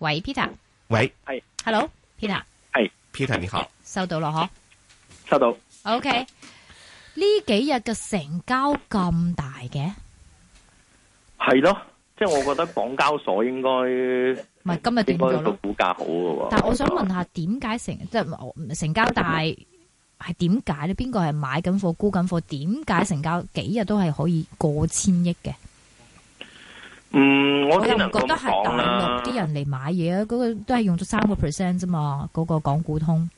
喂，Peter。喂，係喂。Hello，Peter 是。係，Peter 你好。收到咯。嗬。Okay. 收到。OK，呢幾日嘅成交咁大嘅？係咯，即係我覺得港交所應該唔係今日跌咗，股價好嘅。但係我想問下，點解的成即係成交大係點解咧？邊個係買緊貨沽緊貨？點解成交幾日都係可以過千億嘅？嗯，我，能我又唔覺得係大陸啲人嚟買嘢啊！嗰、那個都係用咗三個 percent 啫嘛，嗰、那個港股通。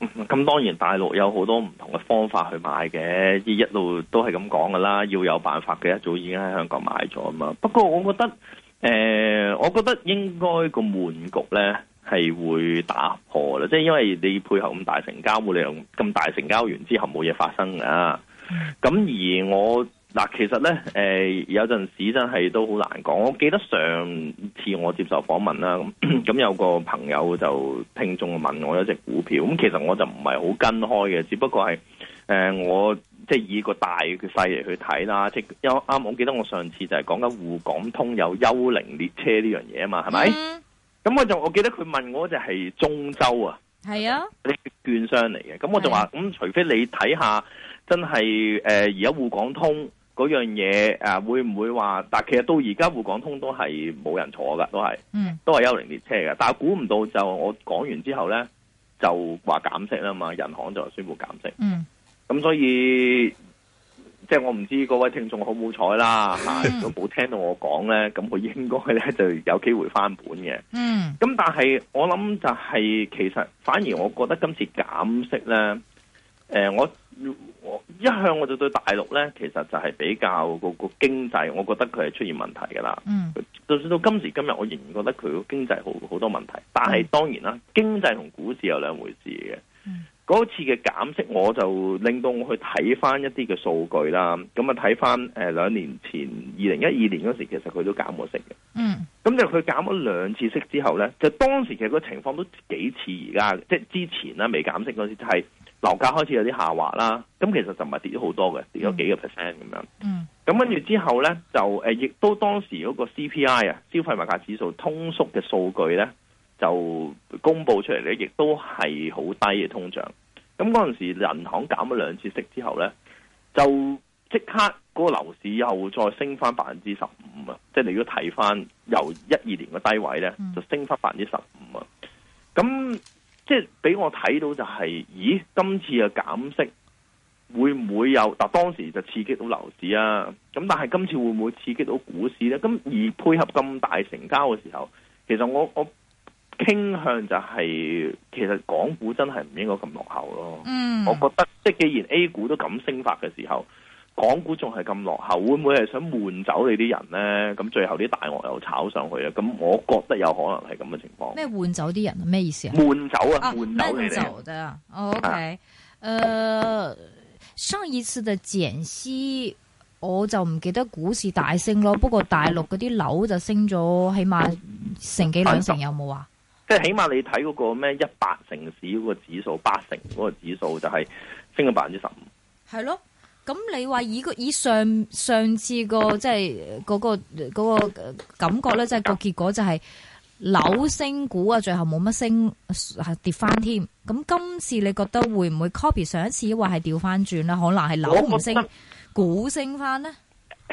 咁當然大陸有好多唔同嘅方法去買嘅，一路都係咁講噶啦。要有辦法嘅，一早已經喺香港買咗啊嘛。不過我覺得，誒、呃，我覺得應該個悶局咧係會打破啦，即、就、係、是、因為你配合咁大成交，你又咁大成交完之後冇嘢發生啊。咁而我。嗱，其實咧，誒有陣時真係都好難講。我記得上次我接受訪問啦，咁咁有個朋友就聽眾問我有隻股票，咁其實我就唔係好跟開嘅，只不過係誒我即係以個大嘅勢嚟去睇啦，即係因啱我記得我上次就係講緊滬港通有幽靈列車呢樣嘢啊嘛，係咪？咁、mm hmm. 我就我記得佢問我隻係中州啊，係啊、mm，啲、hmm. 券商嚟嘅，咁我就話，咁、mm hmm. 除非你睇下真係誒而家滬港通。嗰樣嘢誒、啊，會唔會話？但其實到而家，滬港通都係冇人坐嘅，都係、嗯、都係幽靈列車嘅。但係估唔到就我講完之後咧，就話減息啦嘛，人行就宣布減息。嗯，咁所以即係、就是、我唔知各位聽眾好唔好彩啦嚇，都冇、嗯啊、聽到我講咧，咁佢應該咧就有機會翻本嘅。嗯，咁但係我諗就係、是、其實反而我覺得今次減息咧，誒、呃、我我。我一向我就對大陸咧，其實就係比較個個經濟，我覺得佢係出現問題㗎啦。嗯，就算到今時今日，我仍然覺得佢個經濟好好多問題。但係當然啦，嗯、經濟同股市有兩回事嘅。嗰、嗯、次嘅減息我就令到我去睇翻一啲嘅數據啦。咁啊睇翻誒兩年前二零一二年嗰時，其實佢都減過息嘅。嗯，咁就佢減咗兩次息之後咧，就當時其實個情況都幾似而家，即係之前啦，未減息嗰時就係、是。樓價開始有啲下滑啦，咁其實就唔係跌咗好多嘅，跌咗幾個 percent 咁樣。嗯。咁跟住之後咧，嗯、就誒，亦都當時嗰個 CPI 啊，消費物價指數通縮嘅數據咧，就公布出嚟咧，亦都係好低嘅通脹。咁嗰陣時銀行減咗兩次息之後咧，就即刻嗰個樓市又再升翻百分之十五啊！即係、就是、你要睇翻由一二年嘅低位咧，就升翻百分之十五啊！咁。嗯即係俾我睇到就係，咦？今次嘅減息會唔會有？嗱，當時就刺激到樓市啊，咁但係今次會唔會刺激到股市咧？咁而配合咁大成交嘅時候，其實我我傾向就係，其實港股真係唔應該咁落後咯。嗯，我覺得即係既然 A 股都咁升法嘅時候。港股仲係咁落後，會唔會係想換走你啲人咧？咁最後啲大鱷又炒上去啊！咁我覺得有可能係咁嘅情況。咩換走啲人啊？咩意思啊？換走啊，換走，啊，換走佢哋。換走嘅，啊、哦，OK。誒、呃，上一次嘅減息，我就唔記得股市大升咯。不過大陸嗰啲樓就升咗，起碼成幾兩成有冇啊？即係起碼你睇嗰個咩一百城市嗰個指數，八成嗰個指數就係升咗百分之十五。係咯。咁你話以個以上上次個即係嗰個嗰個感覺咧，即係個結果就係樓升股啊，最後冇乜升，跌翻添。咁今次你覺得會唔會 copy 上一次話係調翻轉啦？可能係樓唔升，股升翻呢？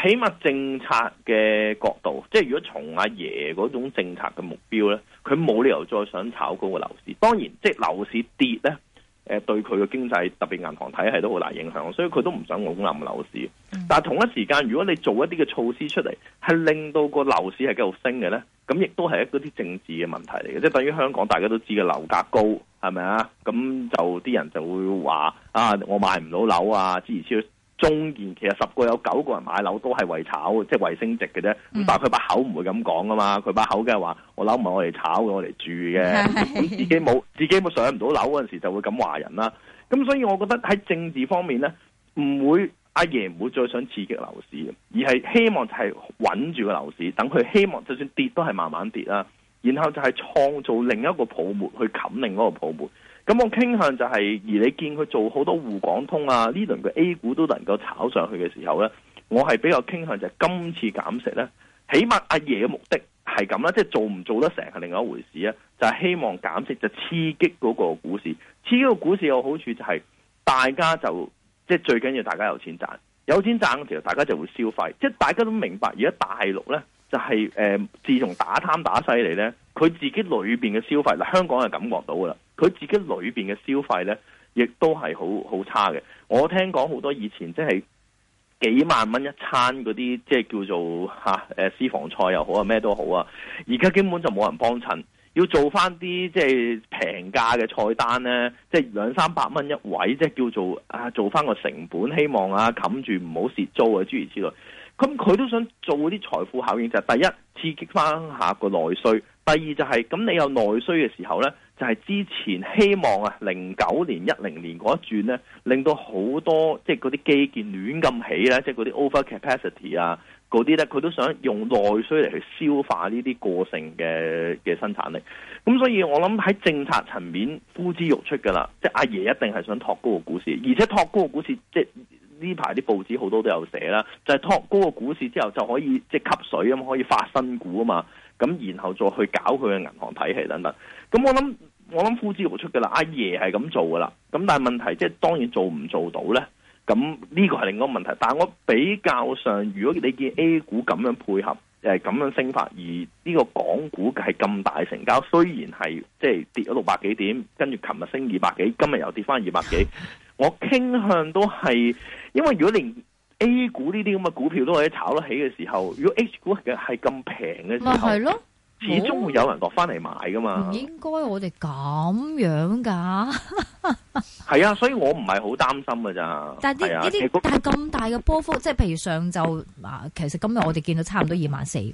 起碼政策嘅角度，即係如果從阿爺嗰種政策嘅目標咧，佢冇理由再想炒高個樓市。當然，即係樓市跌咧。誒對佢嘅經濟，特別銀行體系都好大影響，所以佢都唔想拱冧樓市。嗯、但同一時間，如果你做一啲嘅措施出嚟，係令到個樓市係繼續升嘅呢，咁亦都係一啲政治嘅問題嚟嘅，即係等於香港大家都知嘅樓價高，係咪啊？咁就啲人就會話啊，我買唔到樓啊，之餘中年其實十個有九個人買樓都係為炒，即係為升值嘅啫。咁、嗯、但係佢把口唔會咁講啊嘛，佢把口梗係話，我樓唔係我哋炒嘅，我哋住嘅的。自己冇自己冇上唔到樓嗰陣時就會咁話人啦。咁所以我覺得喺政治方面呢，唔會阿爺唔會再想刺激樓市，而係希望就係穩住個樓市，等佢希望就算跌都係慢慢跌啦。然後就係創造另一個泡沫去冚另一個泡沫。咁我傾向就係、是，而你見佢做好多滬港通啊，呢輪嘅 A 股都能夠炒上去嘅時候呢，我係比較傾向就係今次減息呢。起碼阿爺嘅目的係咁啦，即、就、係、是、做唔做得成係另外一回事啊，就係、是、希望減息就是、刺激嗰個股市，刺激個股市有好處就係大家就即係最緊要大家有錢賺，有錢賺嘅時候大家就會消費，即係大家都明白，而家大陸呢，就係、是呃、自從打貪打犀利呢，佢自己裏面嘅消費，嗱香港係感覺到噶啦。佢自己裏邊嘅消費呢，亦都係好好差嘅。我聽講好多以前即係幾萬蚊一餐嗰啲，即係叫做吓誒、啊、私房菜又好啊，咩都好啊。而家根本就冇人幫襯，要做翻啲即係平價嘅菜單呢，即係兩三百蚊一位，即係叫做啊，做翻個成本，希望啊冚住唔好蝕租啊，諸如此類。咁佢都想做啲財富效應就係第一刺激翻下個內需，第二就係咁你有內需嘅時候呢。就係之前希望啊，零九年一零年嗰一轉咧，令到好多即係嗰啲基建亂咁起咧，即係嗰啲 over capacity 啊，嗰啲咧佢都想用內需嚟去消化呢啲過剩嘅嘅生產力。咁所以我諗喺政策層面呼之欲出㗎啦，即係阿爺一定係想托高個股市，而且托高個股市即係呢排啲報紙好多都有寫啦，就係拖高個股市之後就可以即係、就是、吸水咁，可以發新股啊嘛，咁然後再去搞佢嘅銀行體系等等。咁我諗我諗呼之欲出嘅啦，阿爺係咁做嘅啦。咁但係問題即、就、係、是、當然做唔做到呢？咁、這、呢個係另一個問題。但係我比較上，如果你見 A 股咁樣配合，誒咁樣升法，而呢個港股係咁大成交，雖然係即、就是、跌咗六百幾點，跟住琴日升二百幾，今日又跌翻二百幾，我傾向都係。因為如果連 A 股呢啲咁嘅股票都可以炒得起嘅時候，如果 H 股嘅係咁平嘅時候，始終會有人落翻嚟買噶嘛？唔、哦、應該我哋咁樣噶，係 啊，所以我唔係好擔心噶咋。但係呢呢啲，啊、些但係咁大嘅波幅，即係 譬如上晝啊，其實今日我哋見到差唔多二萬四嘅，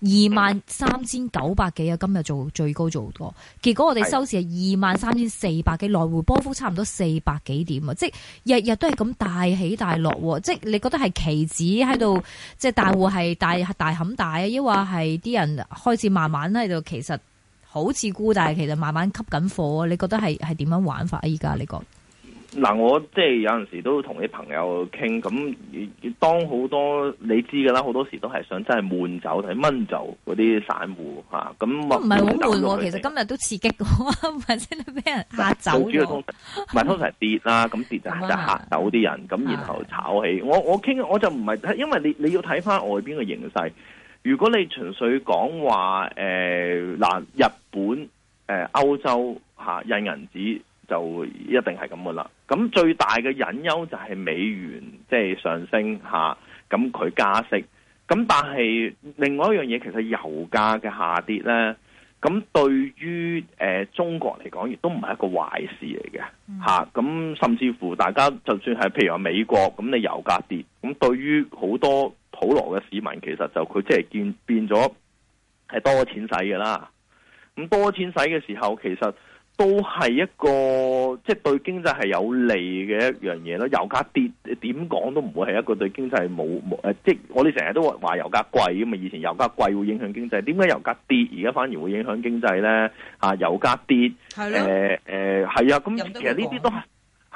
二萬三千九百幾啊，今日做最高做多，結果我哋收市係二萬三千四百幾，來的回波幅差唔多四百幾點啊，即係日日都係咁大起大落，即係你覺得係期指喺度，即係大戶係大大冚大啊，抑或係啲人開始。慢慢喺度，其實好似沽，但係其實慢慢吸緊貨。你覺得係係點樣玩法？依家你講嗱，我即係有陣時都同啲朋友傾，咁當好多你知噶啦，好多時都係想真係悶走，睇悶走嗰啲散戶吓，咁唔係好悶。悶其實今日都刺激過，或者俾人吓走。主要通常咪 通常跌啦、啊，咁跌就就、 就吓走啲人，咁然後炒起。的我我傾我就唔係，因為你你要睇翻外邊嘅形勢。如果你純粹講話誒嗱，日本誒、呃、歐洲嚇、啊、印銀紙就一定係咁嘅啦。咁最大嘅隱憂就係美元即係、就是、上升嚇，咁、啊、佢加息。咁但係另外一樣嘢，其實油價嘅下跌咧，咁對於誒、呃、中國嚟講，亦都唔係一個壞事嚟嘅嚇。咁、啊、甚至乎大家就算係譬如話美國咁，你油價跌，咁對於好多。普羅嘅市民其實就佢即係變變咗係多錢使嘅啦，咁多錢使嘅時候，其實都係一個即係對經濟係有利嘅一樣嘢咯。油價跌，點講都唔會係一個對經濟冇冇誒，即係我哋成日都話油價貴咁嘛。以前油價貴會影響經濟，點解油價跌而家反而會影響經濟咧？啊，油價跌，誒誒的，係啊、呃，咁、呃、其實呢啲都係。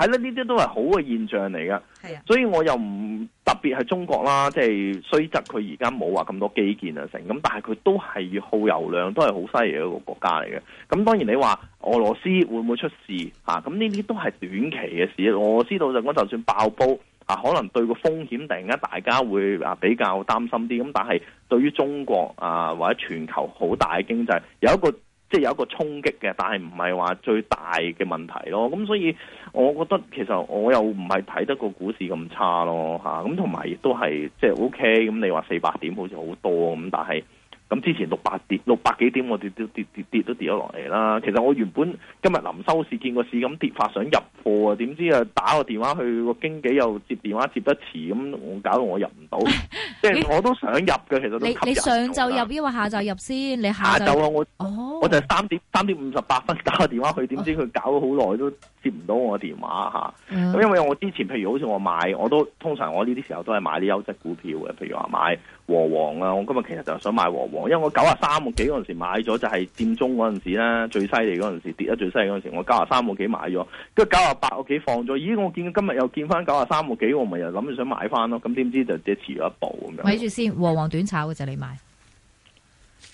係呢啲都係好嘅現象嚟噶，係啊，所以我又唔特別係中國啦，即係雖則佢而家冇話咁多基建啊成，咁但係佢都係耗油量都係好犀利一個國家嚟嘅。咁當然你話俄羅斯會唔會出事啊？咁呢啲都係短期嘅事。我知道就嗰就算爆煲啊，可能對個風險突然間大家會啊比較擔心啲。咁但係對於中國啊或者全球好大嘅經濟有一個即係有一個衝擊嘅，但係唔係話最大嘅問題咯。咁所以，我覺得其實我又唔係睇得個股市咁差咯嚇。咁同埋亦都係即係 OK。咁你話四百點好似好多咁，但係咁之前六百點、六百幾點，我跌跌跌跌，跌，跌都跌咗落嚟啦。其實我原本今日臨收市見個市咁跌法，想入貨啊，點知啊打個電話去個經紀又接電話接得遲，咁我搞到我入唔到。 即係我都想入嘅，其實你，你上晝入，抑或下晝入先？你下晝啊我哦。Oh. 就三點三點五十八分打個電話去，點知佢搞咗好耐都接唔到我電話吓。咁、嗯、因為我之前，譬如好似我買，我都通常我呢啲時候都係買啲優質股票嘅。譬如話買和黃啊，我今日其實就想買和黃，因為我九啊三個幾嗰陣時買咗，就係佔中嗰陣時啦，最犀利嗰陣時跌得最犀利嗰陣時，我九啊三個幾買咗，跟住九啊八個幾放咗。咦，我見今日又見翻九啊三個幾，我咪又諗住想買翻咯。咁點知就即遲咗一步咁樣。咪住先，和黃短炒嘅就你買。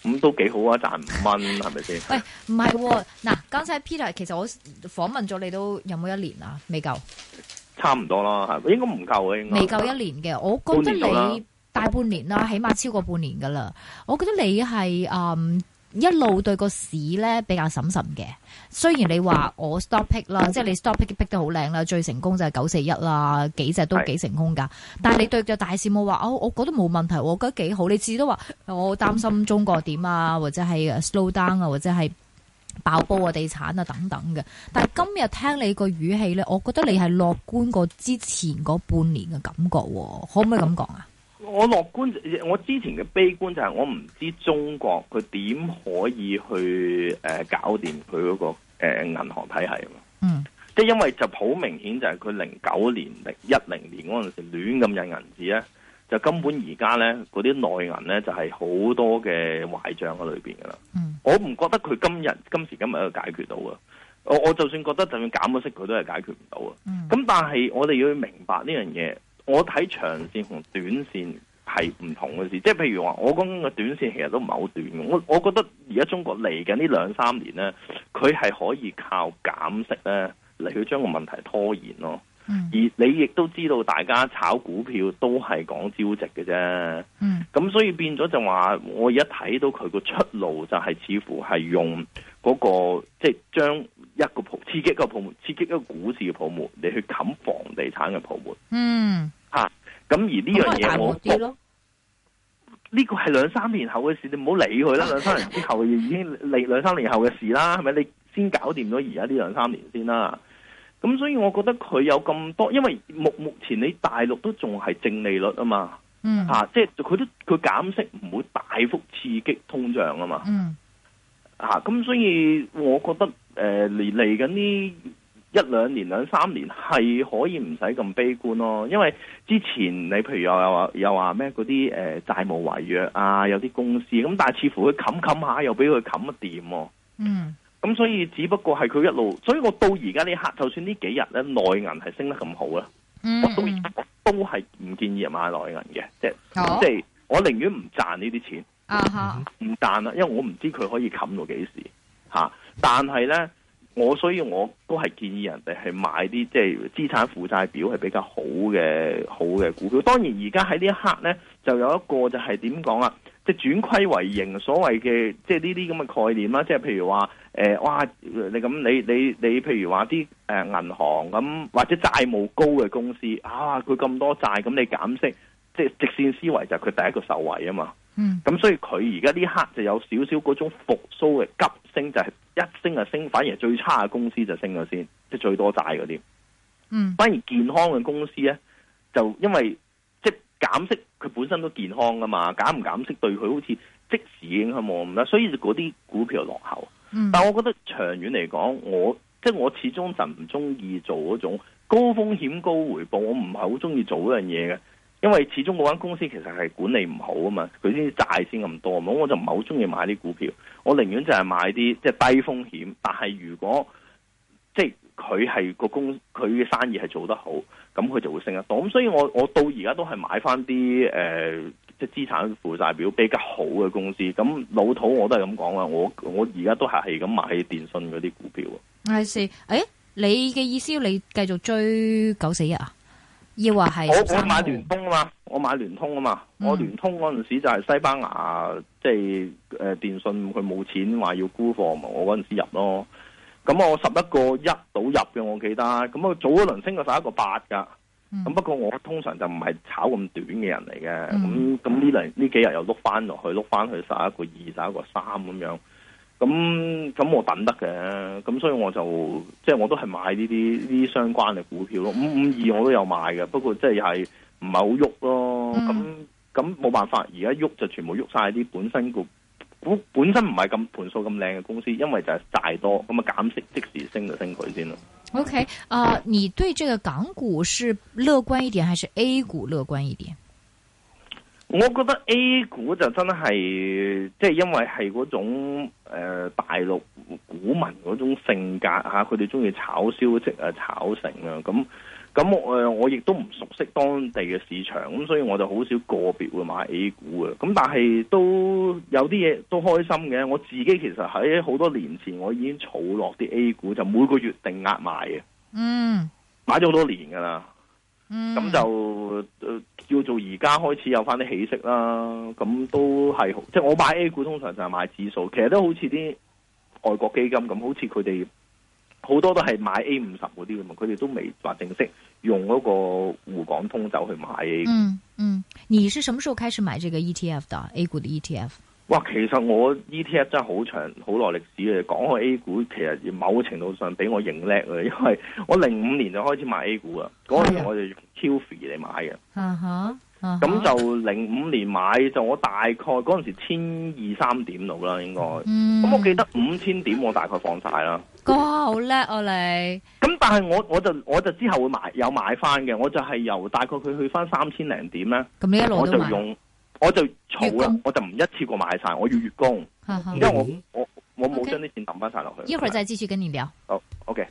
咁都幾好啊，賺五蚊，係咪先？喂，唔係喎，嗱，剛才 Peter 其實我訪問咗你都有冇一年啊？未夠？差唔多啦，應該唔夠啊。應該未夠，夠一年嘅。我覺得你大半年啦，起碼超過半年㗎啦。我覺得你係誒。嗯一路對個市咧比較審慎嘅，雖然你話我 stop pick 啦，即係你 stop pick pick 得好靚啦，最成功就係九四一啦，幾隻都幾成功噶。是但係你對住個大市冇話哦，我覺得冇問題，我覺得幾好。你至都話我擔心中國點啊，或者係 slow down 啊，或者係爆煲啊，地產啊等等嘅。但係今日聽你個語氣咧，我覺得你係樂觀過之前嗰半年嘅感覺，可唔可以咁講啊？我樂觀，我之前嘅悲觀就係我唔知中國佢點可以去誒、呃、搞掂佢嗰個誒銀行體系啊嘛。嗯，即係因為就好明顯就係佢零九年、零一零年嗰陣時亂咁印銀紙咧，就根本而家咧嗰啲內銀咧就係好多嘅壞帳喺裏邊噶啦。嗯，我唔覺得佢今日今時今日都解決到啊。我我就算覺得就算減息佢都係解決唔到啊。嗯，咁但係我哋要去明白呢樣嘢。我睇長線同短線係唔同嘅事，即係譬如話，我講緊嘅短線其實都唔係好短嘅。我我覺得而家中國嚟緊呢兩三年咧，佢係可以靠減息咧嚟去將個問題拖延咯。嗯、而你亦都知道，大家炒股票都係講招值嘅啫。咁、嗯、所以變咗就話，我而家睇到佢個出路就係似乎係用嗰、那個即係、就是、將一個泡刺激一個泡沫，刺激一個股市嘅泡，泡沫，你去冚房地產嘅泡沫。嗯。吓，咁、啊、而呢樣嘢我覺得呢個係兩三年後嘅事，你唔好理佢啦。兩三年之後已經兩兩三年後嘅事啦，係咪？你先搞掂咗而家呢兩三年先啦。咁所以我覺得佢有咁多，因為目目前你大陸都仲係正利率啊嘛，吓、嗯啊，即係佢都佢減息唔會大幅刺激通脹啊嘛，吓、嗯，咁、啊、所以我覺得誒嚟嚟緊呢。呃一兩年兩三年係可以唔使咁悲觀咯，因為之前你譬如說又又話又話咩嗰啲誒債務違約啊，有啲公司咁，但係似乎佢冚冚下又俾佢冚一掂喎。嗯，咁、嗯、所以只不過係佢一路，所以我到而家呢刻，就算呢幾日咧內銀係升得咁好咧，嗯嗯我都都係唔建議人買內銀嘅，即係即係我寧願唔賺呢啲錢唔、啊、哈賺啦，因為我唔知佢可以冚到幾時嚇、啊，但係咧。我所以我都係建議人哋係買啲即係資產負債表係比較好嘅好嘅股票。當然而家喺呢一刻呢，就有一個就係點講啊？即係轉虧為盈，所謂嘅即係呢啲咁嘅概念啦。即係譬如話誒，哇！你咁你你你，你你譬如話啲誒銀行咁，或者債務高嘅公司啊，佢咁多債咁，你減息，即係直線思維就係佢第一個受惠啊嘛。嗯。咁所以佢而家呢一刻就有少少嗰種復甦嘅急升，就係。一升就升，反而最差嘅公司就升咗先，即係最多債嗰啲。嗯，反而健康嘅公司咧，就因為即係減息，佢本身都健康噶嘛，減唔減息對佢好似即時影響冇咁大，所以就嗰啲股票落後。但係我覺得長遠嚟講，我即係我始終就唔中意做嗰種高風險高回報，我唔係好中意做嗰樣嘢嘅。因為始終嗰間公司其實係管理唔好啊嘛，佢啲債先咁多，咁我就唔係好中意買啲股票，我寧願就係買啲即係低風險，但係如果即係佢係個公，佢嘅生意係做得好，咁佢就會升得多。咁所以我我到而家都係買翻啲誒，即係資產負債表比較好嘅公司。咁老土我都係咁講啦，我我而家都係係咁買電信嗰啲股票。係是，誒，你嘅意思你繼續追九四一啊？要話係，是我我買聯通啊嘛，我買聯通啊嘛，嗯、我聯通嗰陣時就係西班牙，即係誒電信佢冇錢話要沽貨嘛，我嗰陣時入咯。咁我十一個一倒入嘅，我記得。咁我早一輪升過十一個八噶，咁、嗯、不過我通常就唔係炒咁短嘅人嚟嘅。咁咁呢輪呢幾日又碌翻落去，碌翻去十一個二、十一個三咁樣。咁咁我等得嘅，咁所以我就即係我都係買呢啲呢啲相關嘅股票咯。五五二我都有買嘅，不過即係係唔係好喐咯。咁咁冇辦法，而家喐就全部喐晒啲本身股股本身唔係咁盤數咁靚嘅公司，因為就係債多，咁啊減息即時升就升佢先咯。OK，啊，你對這個港股是樂觀一點，還是 A 股樂觀一點？我覺得 A 股就真係，即係因為係嗰種誒，大陸股民嗰種性格吓，佢哋中意炒消息啊、炒成啊，咁咁誒，我亦都唔熟悉當地嘅市場，咁所以我就好少個別會買 A 股嘅。咁但係都有啲嘢都開心嘅。我自己其實喺好多年前我已經儲落啲 A 股，就每個月定額買嘅。嗯，買咗好多年噶啦。咁就、呃叫做而家開始有翻啲起色啦，咁都係即係我買 A 股通常就係買指數，其實都好似啲外國基金咁，好似佢哋好多都係買 A 五十嗰啲咁嘛。佢哋都未話正式用嗰個滬港通走去買 A 股。嗯嗯，你是什麼時候開始買這個 ETF 的 A 股的 ETF？哇，其實我 E T F 真係好長好耐歷史嘅。講開 A 股，其實某程度上畀我認叻嘅，因為我零五年就開始買 A 股啊。嗰陣 我就用 QFII 嚟買嘅。咁、啊啊、就零五年買，就我大概嗰陣時千二三點度啦，應該。咁、嗯、我記得五千點我大概放晒啦。哇，好叻啊你！咁但係我我就我就之後會買有買翻嘅，我就係由大概佢去翻三千零點咧。咁一路都買。我就用我就儲啦，工我就唔一次過買曬，我要月供，然之後我我我冇將啲錢抌翻晒落去。Okay. 嗎一會再繼續跟你聊。好、oh，OK。